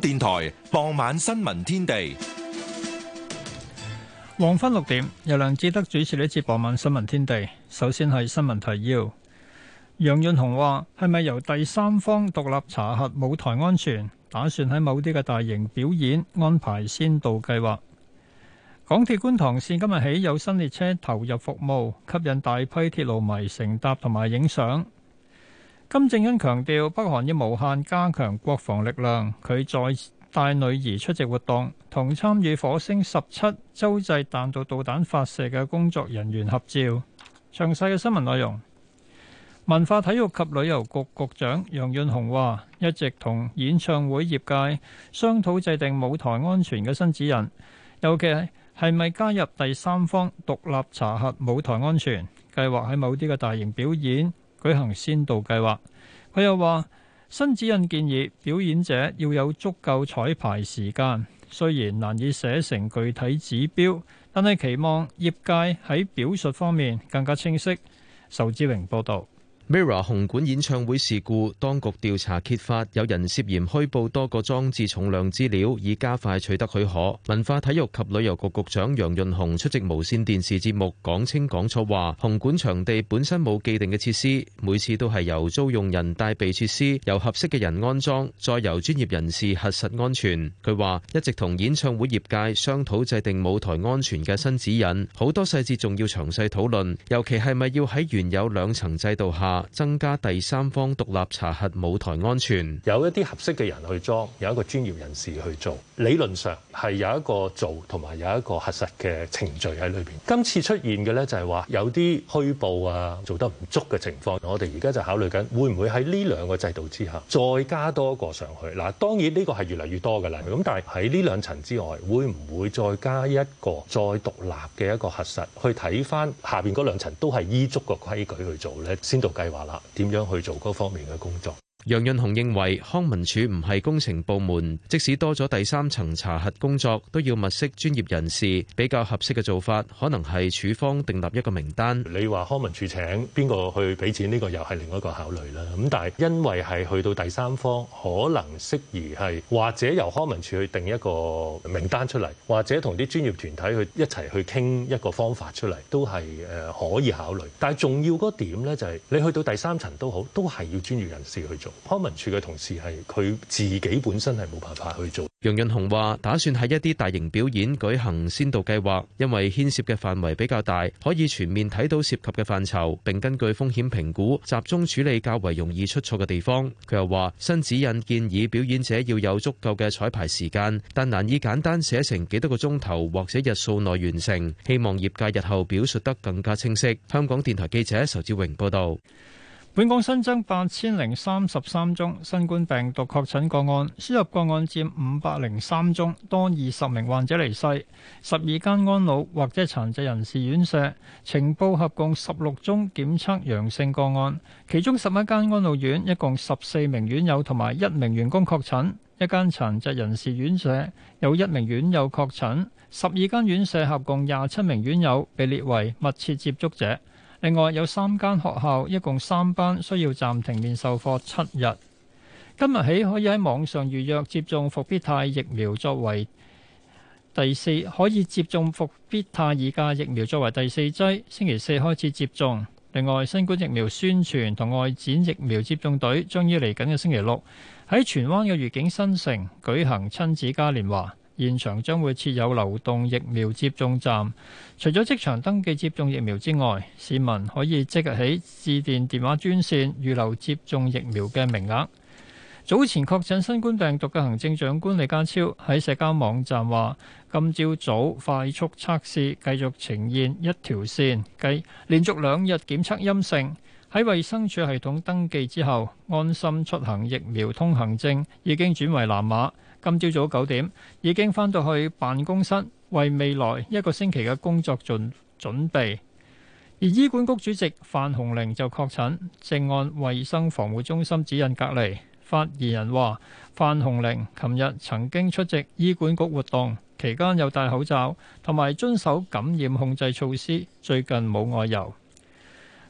電台傍晚新聞天地，黃昏六點由梁志德主持呢一次傍晚新聞天地。首先係新聞提要，楊潤雄話：係咪由第三方獨立查核舞台安全？打算喺某啲嘅大型表演安排先導計劃。港鐵觀塘綫今日起有新列車投入服務，吸引大批鐵路迷乘搭同埋影相。金正恩強調，北韓要無限加強國防力量。佢再帶女兒出席活動，同參與火星十七洲際彈道導彈發射嘅工作人員合照。詳細嘅新聞內容，文化體育及旅遊局局局長楊潤雄話，一直同演唱會業界商討制定舞台安全嘅新指引，尤其係咪加入第三方獨立查核舞台安全計劃喺某啲嘅大型表演舉行先導計劃。佢又話：新指引建議表演者要有足夠彩排時間，雖然難以寫成具體指標，但係期望業界喺表述方面更加清晰。仇志榮報導。Mira 紅館演唱會事故，當局調查揭發有人涉嫌虛報多個裝置重量資料，以加快取得許可。文化體育及旅遊局局長楊潤雄出席無線電視節目，講清講錯話。紅館場地本身冇既定嘅設施，每次都係由租用人帶備設施，由合適嘅人安裝，再由專業人士核實安全。佢話一直同演唱會業界商討制定舞台安全嘅新指引，好多細節仲要詳細討論，尤其係咪要喺原有兩層制度下，增加第三方獨立查核舞台安全，有一啲合適嘅人去裝，有一個專業人士去做。理論上係有一個做，同埋有一個核實嘅程序喺裏邊。今次出現嘅咧就係話有啲虛報啊，做得唔足嘅情況，我哋而家就考慮緊會唔會喺呢兩個制度之下再加多一個上去？嗱，當然呢個係越嚟越多㗎啦。咁但係喺呢兩層之外，會唔會再加一個再獨立嘅一個核實去睇翻下邊嗰兩層都係依足個規矩去做咧？先到計。計劃啦，點樣去做各方面嘅工作？ 楊潤雄認為康文署唔係工程部門，即使多咗第三層查核工作，都要物色專業人士比較合適嘅做法。可能係署方訂立一個名單。你話康文署請邊個去俾錢呢？個又係另外一個考慮啦。咁但係因為係去到第三方，可能適宜係或者由康文署去定一個名單出嚟，或者同啲專業團體去一齊去傾一個方法出嚟，都係誒可以考慮。但係重要嗰點呢，就是，就係你去到第三層都好，都係要專業人士去做。康文署嘅同事係佢自己本身係冇辦法去做。楊潤雄話：打算喺一啲大型表演舉行先導計劃，因為牽涉嘅範圍比較大，可以全面睇到涉及嘅範疇，並根據風險評估集中處理較為容易出錯嘅地方。佢又話：新指引建議表演者要有足夠嘅彩排時間，但難以簡單寫成幾多個鐘頭或者日數內完成。希望業界日後表述得更加清晰。香港電台記者仇志榮報導。本港新增八千零三十三宗新冠病毒確診個案，輸入個案占五百零三宗，多二十名患者離世。十二間安老或者殘疾人士院舍，呈報合共十六宗檢測陽性個案，其中十一間安老院一共十四名院友同埋一名員工確診，一間殘疾人士院舍有一名院友確診，十二間院舍合共廿七名院友被列為密切接觸者。另外有三間學校，一共三班需要暫停面授課七日。今日起可以喺網上預約接種復必泰疫苗作為第四，可以接種復必泰二價疫苗作為第四劑。星期四開始接種。另外，新冠疫苗宣傳同外展疫苗接種隊將於嚟緊嘅星期六喺荃灣嘅愉景新城舉行親子嘉年華。現場將會設有流動疫苗接種站，除咗即場登記接種疫苗之外，市民可以即日起致電電話專線預留接種疫苗嘅名額。早前確診新冠病毒嘅行政長官李家超喺社交網站話，今朝早快速測試繼續呈現一條線，繼連續兩日檢測陰性，喺衛生署系統登記之後，安心出行疫苗通行證已經轉為藍碼。今朝早九點已經返到去辦公室，為未來一個星期嘅工作做準備。而醫管局主席范鴻齡就確診，正按衛生防護中心指引隔離。發言人話，范鴻齡琴日曾經出席醫管局活動，期間有戴口罩同埋遵守感染控制措施，最近冇外遊。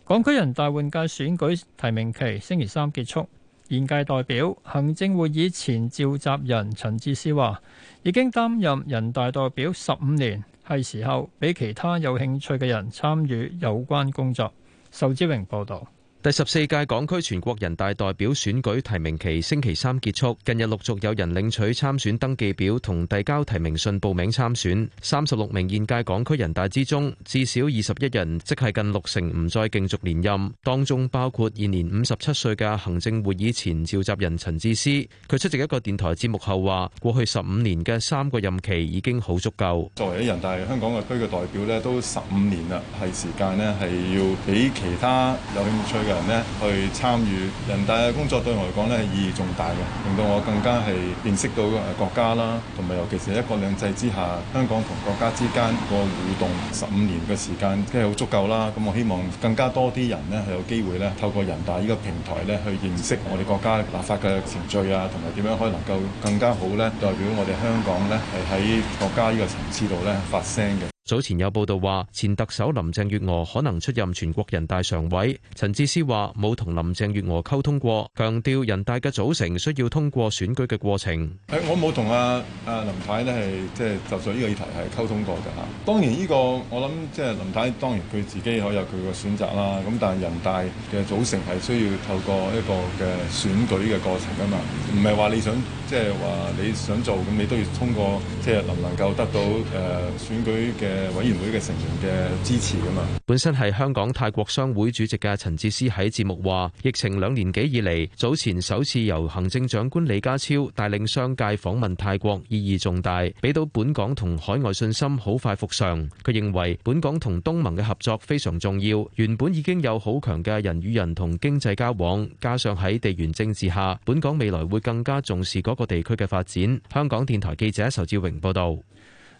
港區人大換屆選舉提名期星期三結束，現屆代表行政會議前召集人陳智思話：已經擔任人大代表十五年，係時候俾其他有興趣嘅人參與有關工作。仇志榮報導。第十四屆港區全國人大代表選舉提名期星期三結束，近日陸續有人領取參選登記表同遞交提名信報名參選。三十六名現屆港區人大之中，至少二十一人，即係近六成唔再競逐連任，當中包括現年五十七歲嘅行政會議前召集人陳智思。佢出席一個電台節目後話：過去十五年嘅三個任期已經好足夠。作為人大香港嘅區嘅代表呢都十五年啦，係時間呢係要比其他有興趣嘅人咧去參與人大嘅工作，對我嚟講咧意義重大嘅，令到我更加係認識到國家啦，同埋尤其是一國兩制之下，香港同國家之間個互動十五年嘅時間，即係好足夠啦。咁我希望更加多啲人咧係有機會咧，透過人大呢個平台咧去認識我哋國家立法嘅程序啊，同埋點樣可以能夠更加好咧，代表我哋香港咧係喺國家呢個層次度咧發聲嘅。早前有報道話，前特首林鄭月娥可能出任全國人大常委。陳智思話冇同林鄭月娥溝通過，強調人大嘅組成需要通過選舉嘅過程。誒、哎，我冇同阿阿林太呢，係即係就上、是、呢、就是就是、個議題係溝通過噶吓。當然呢、這個我諗即係林太，當然佢自己可有佢個選擇啦。咁但係人大嘅組成係需要透過一個嘅選舉嘅過程啊嘛，唔係話你想即係話你想做咁，你都要通過即係、就是、能唔能夠得到誒、呃、選舉嘅。嘅委員會嘅成員嘅支持啊嘛，本身係香港泰國商會主席嘅陳智思喺節目話，疫情兩年幾以嚟，早前首次由行政長官李家超帶領商界訪問泰國意義重大，俾到本港同海外信心好快復常。佢認為本港同東盟嘅合作非常重要，原本已經有好強嘅人與人同經濟交往，加上喺地緣政治下，本港未來會更加重視嗰個地區嘅發展。香港電台記者仇志榮報道。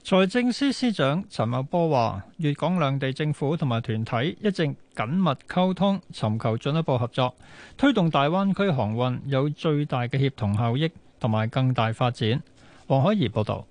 財政司司長陳茂波話，粵港兩地政府同埋團體一直緊密溝通，尋求進一步合作，推動大灣區航運有最大嘅協同效益同埋更大發展。王海怡報導。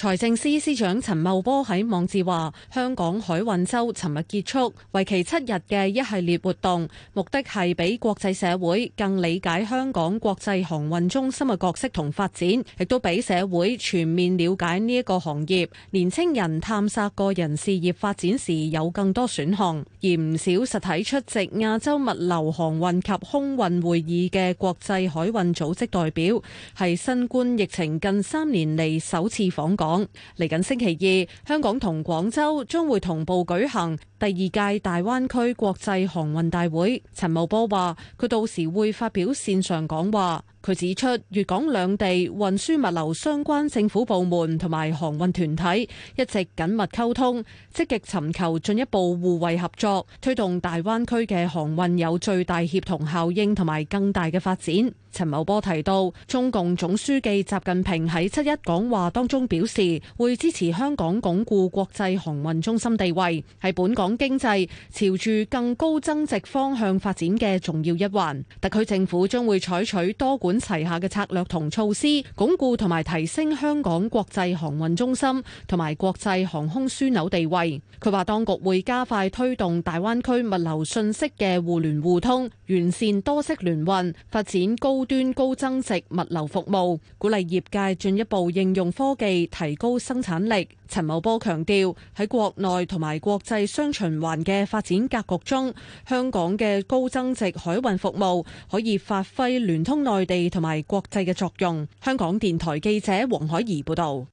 財政司司長陳茂波喺網誌話：香港海運周尋日結束，為期七日嘅一系列活動，目的係俾國際社會更理解香港國際航運中心嘅角色同發展，亦都俾社會全面了解呢一個行業，年青人探索個人事業發展時有更多選項。而唔少實體出席亞洲物流航運及空運會議嘅國際海運組織代表，係新冠疫情近三年嚟首次訪港。講嚟緊星期二，香港同廣州將會同步舉行第二屆大灣區國際航運大會。陳茂波話，佢到時會發表線上講話。佢指出，粵港兩地運輸物流相關政府部門同埋航運團體一直緊密溝通，積極尋求進一步互惠合作，推動大灣區嘅航運有最大協同效應同埋更大嘅發展。陳茂波提到，中共總書記習近平喺七一講話當中表示，會支持香港鞏固國際航運中心地位，係本港經濟朝住更高增值方向發展嘅重要一環，特區政府將會採取多管。齊下嘅策略同措施，鞏固同埋提升香港國際航運中心同埋國際航空樞紐地位。佢話當局會加快推動大灣區物流信息嘅互聯互通，完善多式聯運，發展高端高增值物流服務，鼓勵業界進一步應用科技，提高生產力。陳茂波強調喺國內同埋國際雙循環嘅發展格局中，香港嘅高增值海運服務可以發揮聯通內地同埋國際嘅作用。香港電台記者黃海怡報道：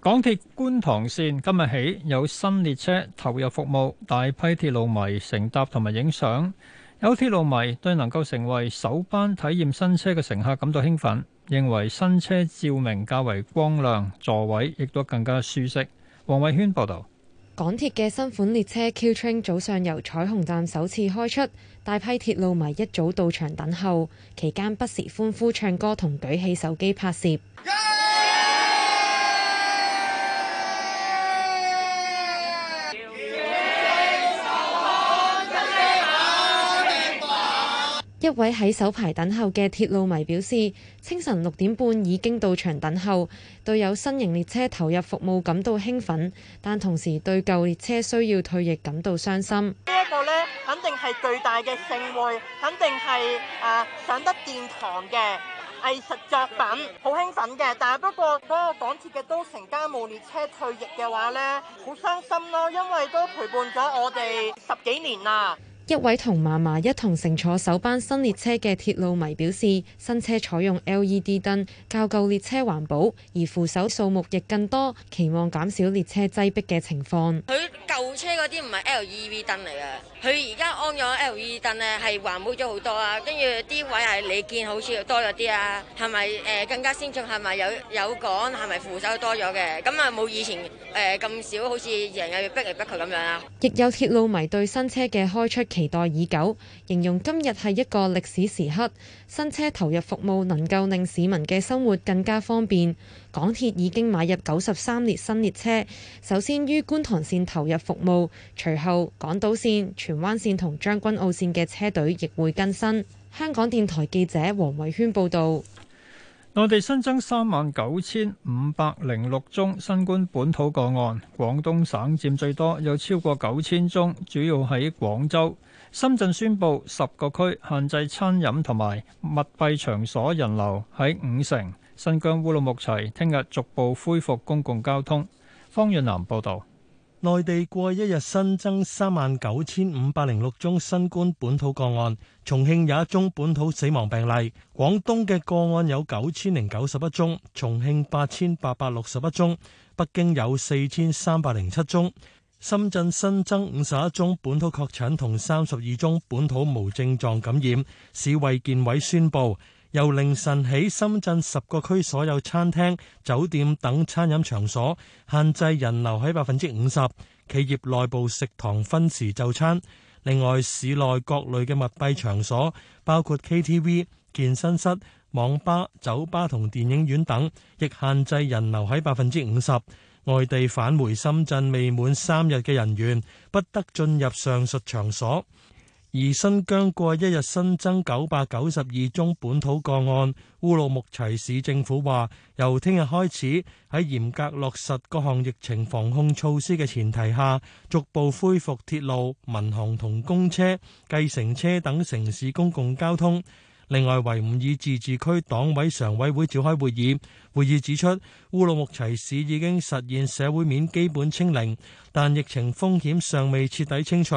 港鐵觀塘綫今日起有新列車投入服務，大批鐵路迷乘搭同埋影相，有鐵路迷對能夠成為首班體驗新車嘅乘客感到興奮。認為新車照明較為光亮，座位亦都更加舒適。黃偉軒報道：港鐵嘅新款列車 Q-Train 早上由彩虹站首次開出，大批鐵路迷一早到場等候，期間不時歡呼、唱歌同舉起手機拍攝。Yeah! 一位喺首排等候嘅鐵路迷表示，清晨六點半已經到場等候，對有新型列車投入服務感到興奮，但同時對舊列車需要退役感到傷心。呢一個咧，肯定係巨大嘅盛會，肯定係誒、呃、上得殿堂嘅藝術作品，好興奮嘅。但係不過，嗰個港鐵嘅都城嘉慕列車退役嘅話呢，好傷心咯，因為都陪伴咗我哋十幾年啦。一位同嫲嫲一同乘坐首班新列車嘅鐵路迷表示，新車採用 LED 燈較舊列車環保，而扶手數目亦更多，期望減少列車擠逼嘅情況。舊車嗰啲唔係 LED 燈嚟嘅，佢而家安咗 LED 燈咧，係環保咗好多啊！跟住啲位係你見好似多咗啲啊，係咪誒更加先進？係咪有有桿？係咪扶手多咗嘅？咁啊冇以前誒咁、呃、少，好似成日要逼嚟逼去咁樣啊！亦有鐵路迷對新車嘅開出期待已久。形容今日係一個歷史時刻，新車投入服務能夠令市民嘅生活更加方便。港鐵已經買入九十三列新列車，首先於觀塘線投入服務，隨後港島線、荃灣線同將軍澳線嘅車隊亦會更新。香港電台記者黃慧軒報導。內地新增三萬九千五百零六宗新冠本土個案，廣東省佔最多，有超過九千宗，主要喺廣州。深圳宣布十個區限制餐飲同埋密閉場所人流喺五成。新疆烏魯木齊聽日逐步恢復公共交通。方潤南報道。內地過一日新增三萬九千五百零六宗新冠本土個案，重慶有一宗本土死亡病例。廣東嘅個案有九千零九十一宗，重慶八千八百六十一宗，北京有四千三百零七宗。深圳新增五十一宗本土確診同三十二宗本土無症狀感染，市衛健委宣布由凌晨起深圳十個區所有餐廳酒店等餐飲場所限制人流喺百分之五十，企業內部食堂分時就餐。另外，市內各類嘅密閉場所，包括 KTV、健身室、網吧、酒吧同電影院等，亦限制人流喺百分之五十。外地返回深圳未滿三日嘅人員不得進入上述場所。而新疆過一日新增九百九十二宗本土個案，烏魯木齊市政府話，由聽日開始喺嚴格落實各項疫情防控措施嘅前提下，逐步恢復鐵路、民航同公車、計程車等城市公共交通。另外，維吾爾自治區黨委常委會召開會議，會議指出，烏魯木齊市已經實現社會面基本清零，但疫情風險尚未徹底清除，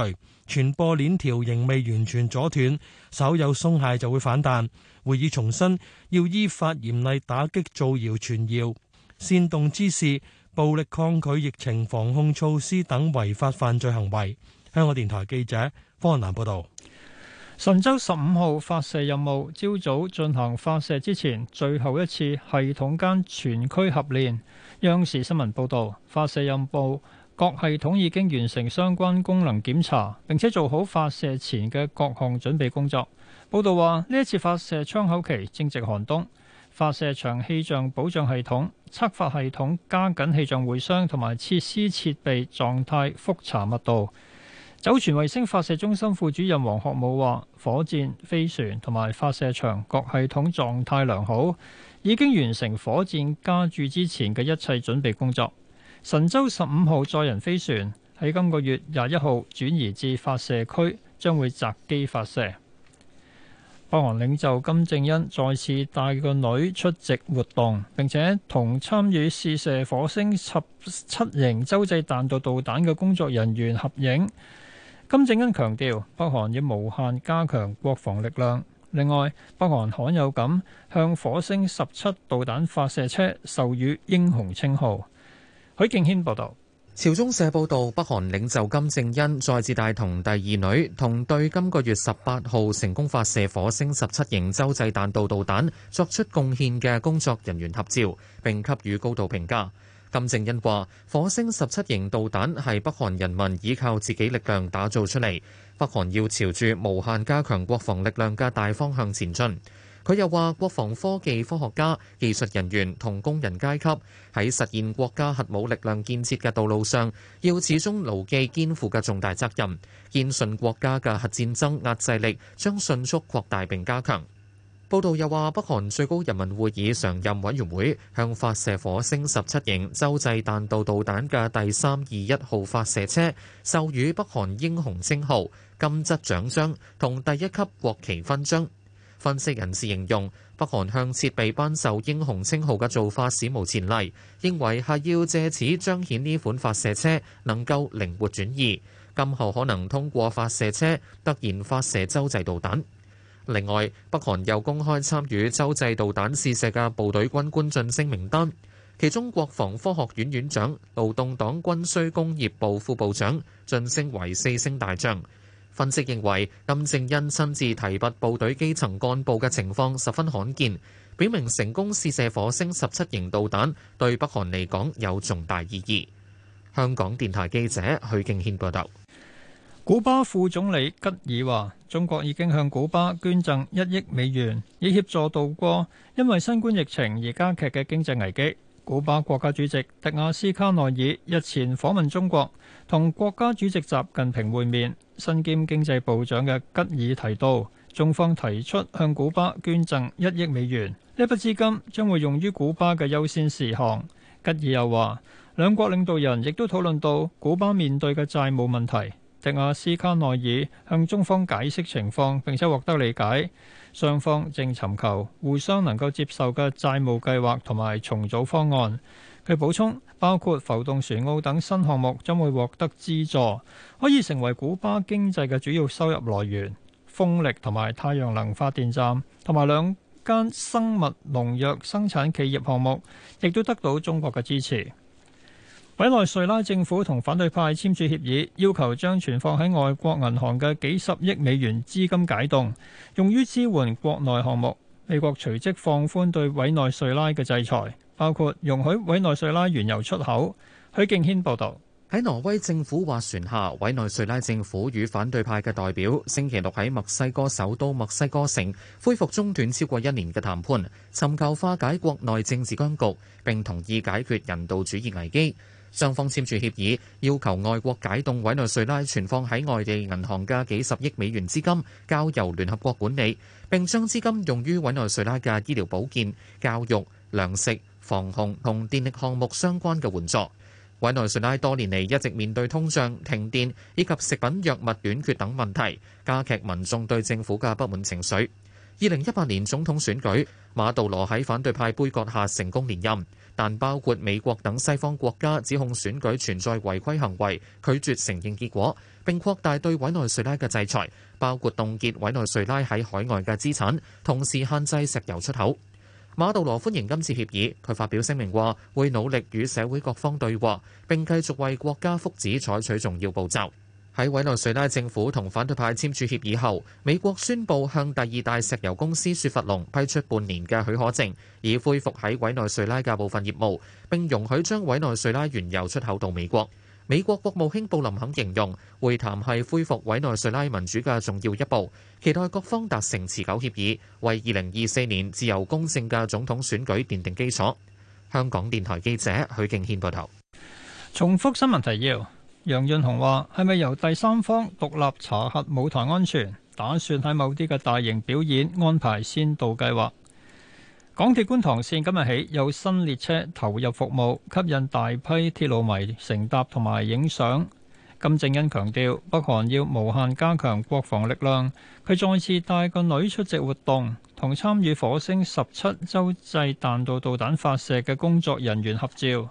傳播鏈條仍未完全阻斷，稍有鬆懈就會反彈。會議重申，要依法嚴厲打擊造謠傳謠、煽動滋事、暴力抗拒疫情防控措施等違法犯罪行為。香港電台記者方南報道。神舟十五號發射任務朝早進行發射之前，最後一次系統間全區合練。央視新聞報道，發射任務各系統已經完成相關功能檢查，並且做好發射前嘅各項準備工作。報道話，呢一次發射窗口期正值寒冬，發射場氣象保障系統測發系統加緊氣象會商同埋設施設備狀態復查密度。酒泉衛星發射中心副主任王學武話，火箭、飛船同埋發射場各系統狀態良好，已經完成火箭加注之前嘅一切準備工作。神舟十五號載人飛船喺今個月廿一號轉移至發射區，將會擇機發射。北韓領袖金正恩再次帶個女出席活動，並且同參與試射火星十七型洲際彈道導彈嘅工作人員合影。金正恩強調，北韓要無限加強國防力量。另外，北韓罕有咁向火星十七導彈發射車授予英雄稱號。許敬軒報導。朝中社報導，北韓領袖金正恩再次帶同第二女同對今個月十八號成功發射火星十七型洲際彈道導彈作出貢獻嘅工作人員合照，並給予高度評價。金正恩話：火星十七型導彈係北韓人民依靠自己力量打造出嚟，北韓要朝住無限加強國防力量嘅大方向前進。佢又話：國防科技科學家、技術人員同工人階級喺實現國家核武力量建設嘅道路上，要始終牢記肩負嘅重大責任，堅信國家嘅核戰爭壓制力將迅速擴大並加強。報道又話，北韓最高人民會議常任委員會向發射火星十七型洲際彈道導彈嘅第三二一號發射車授予北韓英雄稱號、金質獎章同第一級國旗勳章。分析人士形容，北韓向設備頒授英雄稱號嘅做法史無前例，認為係要借此彰顯呢款發射車能夠靈活轉移，今後可能通過發射車突然發射洲際導彈。另外，北韓又公開參與洲際導彈試射嘅部隊軍官晉升名單，其中國防科學院院長、勞動黨軍需工業部副部長晉升為四星大將。分析認為，金正恩親自提拔部隊基層幹部嘅情況十分罕見，表明成功試射火星十七型導彈對北韓嚟講有重大意義。香港電台記者許敬軒報導。古巴副總理吉爾話，中國已經向古巴捐贈一億美元，以協助渡過因為新冠疫情而加劇嘅經濟危機。古巴國家主席迪亞斯卡內爾日前訪問中國，同國家主席習近平會面。身兼經濟部長嘅吉爾提到，中方提出向古巴捐贈一億美元，呢一筆資金將會用於古巴嘅優先事項。吉爾又話，兩國領導人亦都討論到古巴面對嘅債務問題。迪亞斯卡內爾向中方解釋情況，並且獲得理解。雙方正尋求互相能夠接受嘅債務計劃同埋重組方案。佢補充，包括浮動船塢等新項目將會獲得資助，可以成為古巴經濟嘅主要收入來源。風力同埋太陽能發電站，同埋兩間生物農藥生產企業項目，亦都得到中國嘅支持。委內瑞拉政府同反對派簽署協議，要求將存放喺外國銀行嘅幾十億美元資金解凍，用於支援國內項目。美國隨即放寬對委內瑞拉嘅制裁，包括容許委內瑞拉原油出口。許敬軒報導，喺挪威政府斡旋下，委內瑞拉政府與反對派嘅代表星期六喺墨西哥首都墨西哥城恢復中斷超過一年嘅談判，尋求化解國內政治僵局，並同意解決人道主義危機。雙方簽署協議，要求外國解凍委內瑞拉存放喺外地銀行嘅幾十億美元資金，交由聯合國管理，並將資金用於委內瑞拉的醫療保健、教育、糧食、防洪同電力項目相關的援助。委內瑞拉多年嚟一直面對通脹、停電，以及食品藥物短缺等問題，加劇民眾對政府的不滿情緒2018但包括美國等西方國家指控選舉存在違規行為，拒絕承認結果，並擴大對委內瑞拉嘅制裁，包括凍結委內瑞拉喺海外嘅資產，同時限制石油出口。馬杜羅歡迎今次協議，佢發表聲明話會努力與社會各方對話，並繼續為國家福祉採取重要步驟。喺委內瑞拉政府同反對派簽署協議後，美國宣布向第二大石油公司雪佛龍批出半年嘅許可證，以恢復喺委內瑞拉嘅部分業務，並容許將委內瑞拉原油出口到美國。美國國務卿布林肯形容會談係恢復委內瑞拉民主嘅重要一步，期待各方達成持久協議，為二零二四年自由公正嘅總統選舉奠定基礎。香港電台記者許敬軒報道。重複新聞提要。楊潤雄話，係咪由第三方獨立查核舞台安全？打算喺某啲嘅大型表演安排先導計劃。港鐵觀塘線今日起有新列車投入服務，吸引大批鐵路迷乘搭同埋影相。金正恩強調，北韓要無限加強國防力量。佢再次帶個女出席活動，同參與火星十七洲際彈道導彈發射嘅工作人員合照。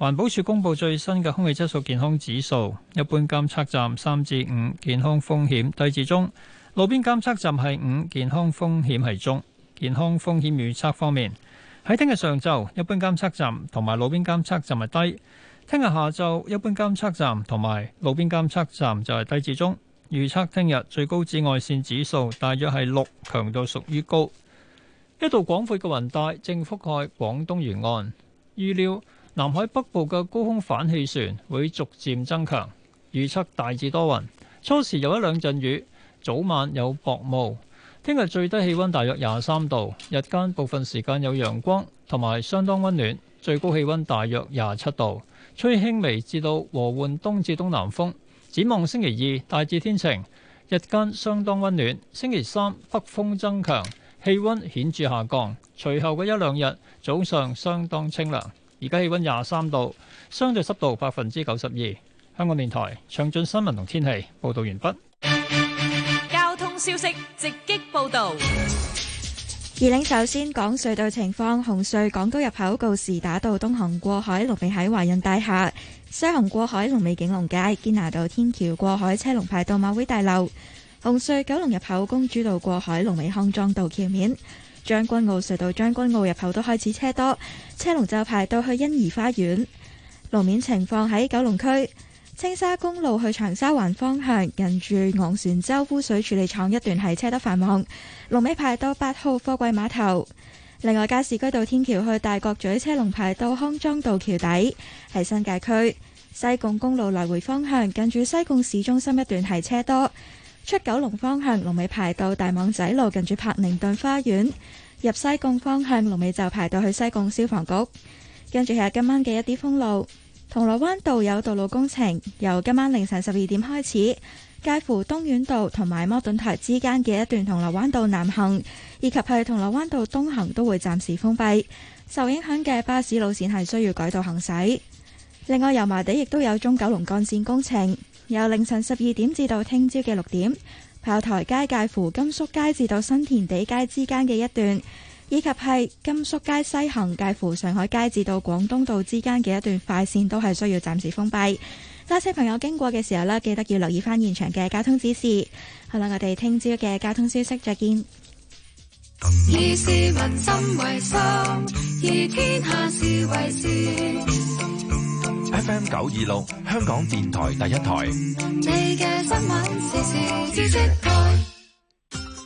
環保署公佈最新嘅空氣質素健康指數，一般監測站三至五，健康風險低至中；路邊監測站係五，健康風險係中。健康風險預測方面，喺聽日上晝，一般監測站同埋路邊監測站係低；聽日下晝，一般監測站同埋路邊監測站就係低至中。預測聽日最高紫外線指數大約係六，強度屬於高。一道廣闊嘅雲帶正覆蓋廣東沿岸，預料。南海北部嘅高空反氣旋會逐漸增強，預測大致多雲，初時有一兩陣雨，早晚有薄霧。聽日最低氣溫大約廿三度，日間部分時間有陽光同埋相當溫暖，最高氣溫大約廿七度，吹輕微至到和緩東至東南風。展望星期二大致天晴，日間相當溫暖；星期三北風增強，氣溫顯著下降，隨後嘅一兩日早上相當清涼。而家氣温廿三度，相對濕度百分之九十二。香港電台詳盡新聞同天氣報道完畢。交通消息直擊報道。二零首先講隧道情況，紅隧港島入口告士打道東行過海龍尾喺華潤大廈，西行過海龍尾景隆街堅拿道天橋過海車龍排到馬會大樓。紅隧九龍入口公主道過海龍尾康莊道橋面。將軍澳隧道將軍澳入口都開始車多，車龍就排到去欣怡花園。路面情況喺九龍區，青沙公路去長沙灣方向，近住昂船洲污水處理廠一段係車多繁忙，龍尾排到八號貨櫃碼頭。另外，加士居道天橋去大角咀，車龍排到康莊道橋底。喺新界區，西貢公路來回方向，近住西貢市中心一段係車多。出九龍方向，龍尾排到大網仔路，近住柏寧頓花園；入西貢方向，龍尾就排到去西貢消防局。跟住係今晚嘅一啲封路，銅鑼灣道有道路工程，由今晚凌晨十二點開始，介乎東苑道同埋摩頓台之間嘅一段銅鑼灣道南行以及係銅鑼灣道東行都會暫時封閉。受影響嘅巴士路線係需要改道行駛。另外，油麻地亦都有中九龍幹線工程。由凌晨十二點至到聽朝嘅六點，炮台街介乎甘肅街至到新田地街之間嘅一段，以及係甘肅街西行介乎上海街至到廣東道之間嘅一段快綫，都係需要暫時封閉。揸車朋友經過嘅時候呢，記得要留意翻現場嘅交通指示。好啦，我哋聽朝嘅交通消息再見。以市民心為 FM 九二六，香港電台第一台。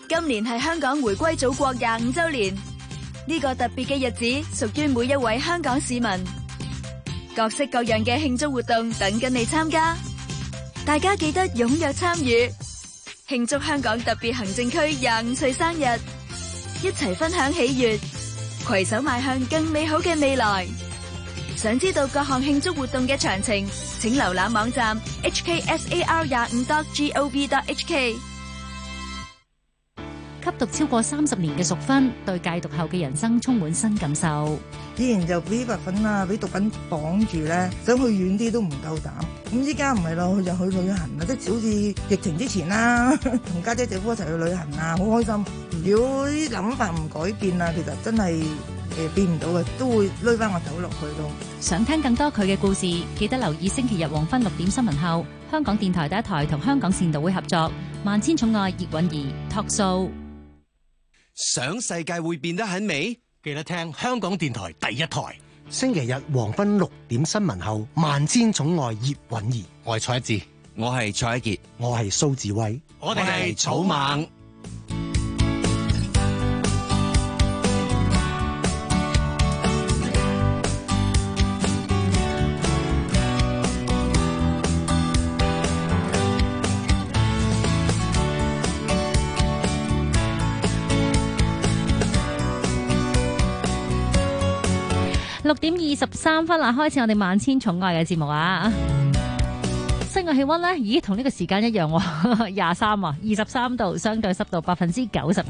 今年係香港回歸祖國廿五周年，呢個特別嘅日子屬於每一位香港市民。各式各樣嘅慶祝活動等緊你參加，大家記得踊躍參與，慶祝香港特別行政區廿五歲生日，一齊分享喜悦，携手邁向更美好嘅未來。想知道各項慶祝活動嘅詳情，請瀏覽網站 hksar 廿五 dot gov dot hk。讀超過三十年嘅淑芬，對戒毒後嘅人生充滿新感受。以前就俾白粉啦，俾毒品綁住咧，想去遠啲都唔夠膽。咁依家唔係咯，去就去旅行啦，即係好似疫情之前啦，同家姐姐夫一齊去旅行啊，好開心。如果啲諗法唔改變啊，其實真係誒變唔到嘅，都會拉翻我走落去咯。想聽更多佢嘅故事，記得留意星期日黃昏六點新聞後，香港電台第一台同香港善導會合作《萬千寵愛葉允儀》托數。想世界會變得很美，記得聽香港電台第一台。星期日黃昏六點新聞後，萬千寵愛葉蘊儀。我係蔡一智，我係蔡一傑，我係蘇志威，我哋係草蜢。六點二十三分啦，開始我哋萬千寵愛嘅節目，哦、 啊！室外氣溫咧，已經同呢個時間一樣，廿三啊，二十三度，相對濕度百分之九十二。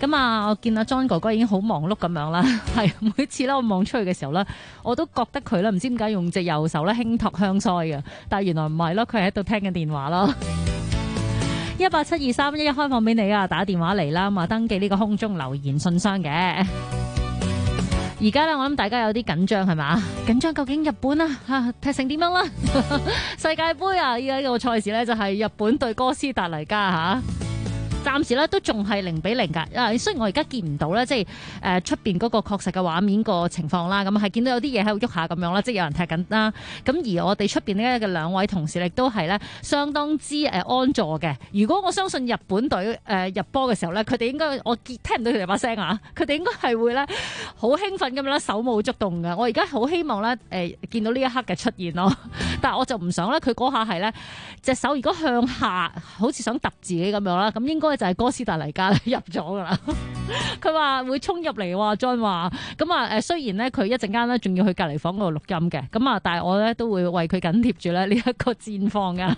咁啊，我見阿 John 哥哥已經好忙碌咁樣啦。係 每次咧，我望出去嘅時候咧，我都覺得佢咧，唔知點解用隻右手咧輕托香腮嘅。但係原來唔係咯，佢係喺度聽緊電話咯。一八七二三一一開放俾你啊！打電話嚟啦，咁啊，登記呢個空中留言信箱嘅。而家咧，我諗大家有啲緊張係嘛？緊張究竟日本啊，嚇、啊，踢成點樣啦、啊？ 世界盃啊，依個賽事咧就係、是、日本對哥斯達黎加嚇。啊。暫時咧都仲係零比零㗎，啊！雖然我而家見唔到咧，即係誒出邊嗰個確實嘅畫面個情況啦，咁係見到有啲嘢喺度喐下咁樣啦，即係有人踢緊啦。咁而我哋出邊呢嘅兩位同事亦都係咧相當之誒安坐嘅。如果我相信日本隊誒入波嘅時候咧，佢哋應該我見聽唔到佢哋把聲啊，佢哋應該係會咧好興奮咁樣啦，手舞足動嘅。我而家好希望咧誒見到呢一刻嘅出現咯。 但我就唔想咧，佢嗰下係咧隻手如果向下，好似想揼自己咁樣啦，咁應該就係哥斯達黎加入咗噶啦。佢 話會衝入嚟喎，John 話。咁啊誒，雖然咧佢一陣間咧仲要去隔離房嗰度錄音嘅，咁啊，但係我咧都會為佢緊貼住咧呢一個戰況嘅。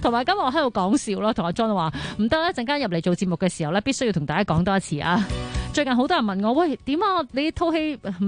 同 埋今日我喺度講笑咯，同阿 John 話唔得，一陣間入嚟做節目嘅時候咧，必須要同大家講多一次啊。最近好多人問我，喂點啊？你套戲唔？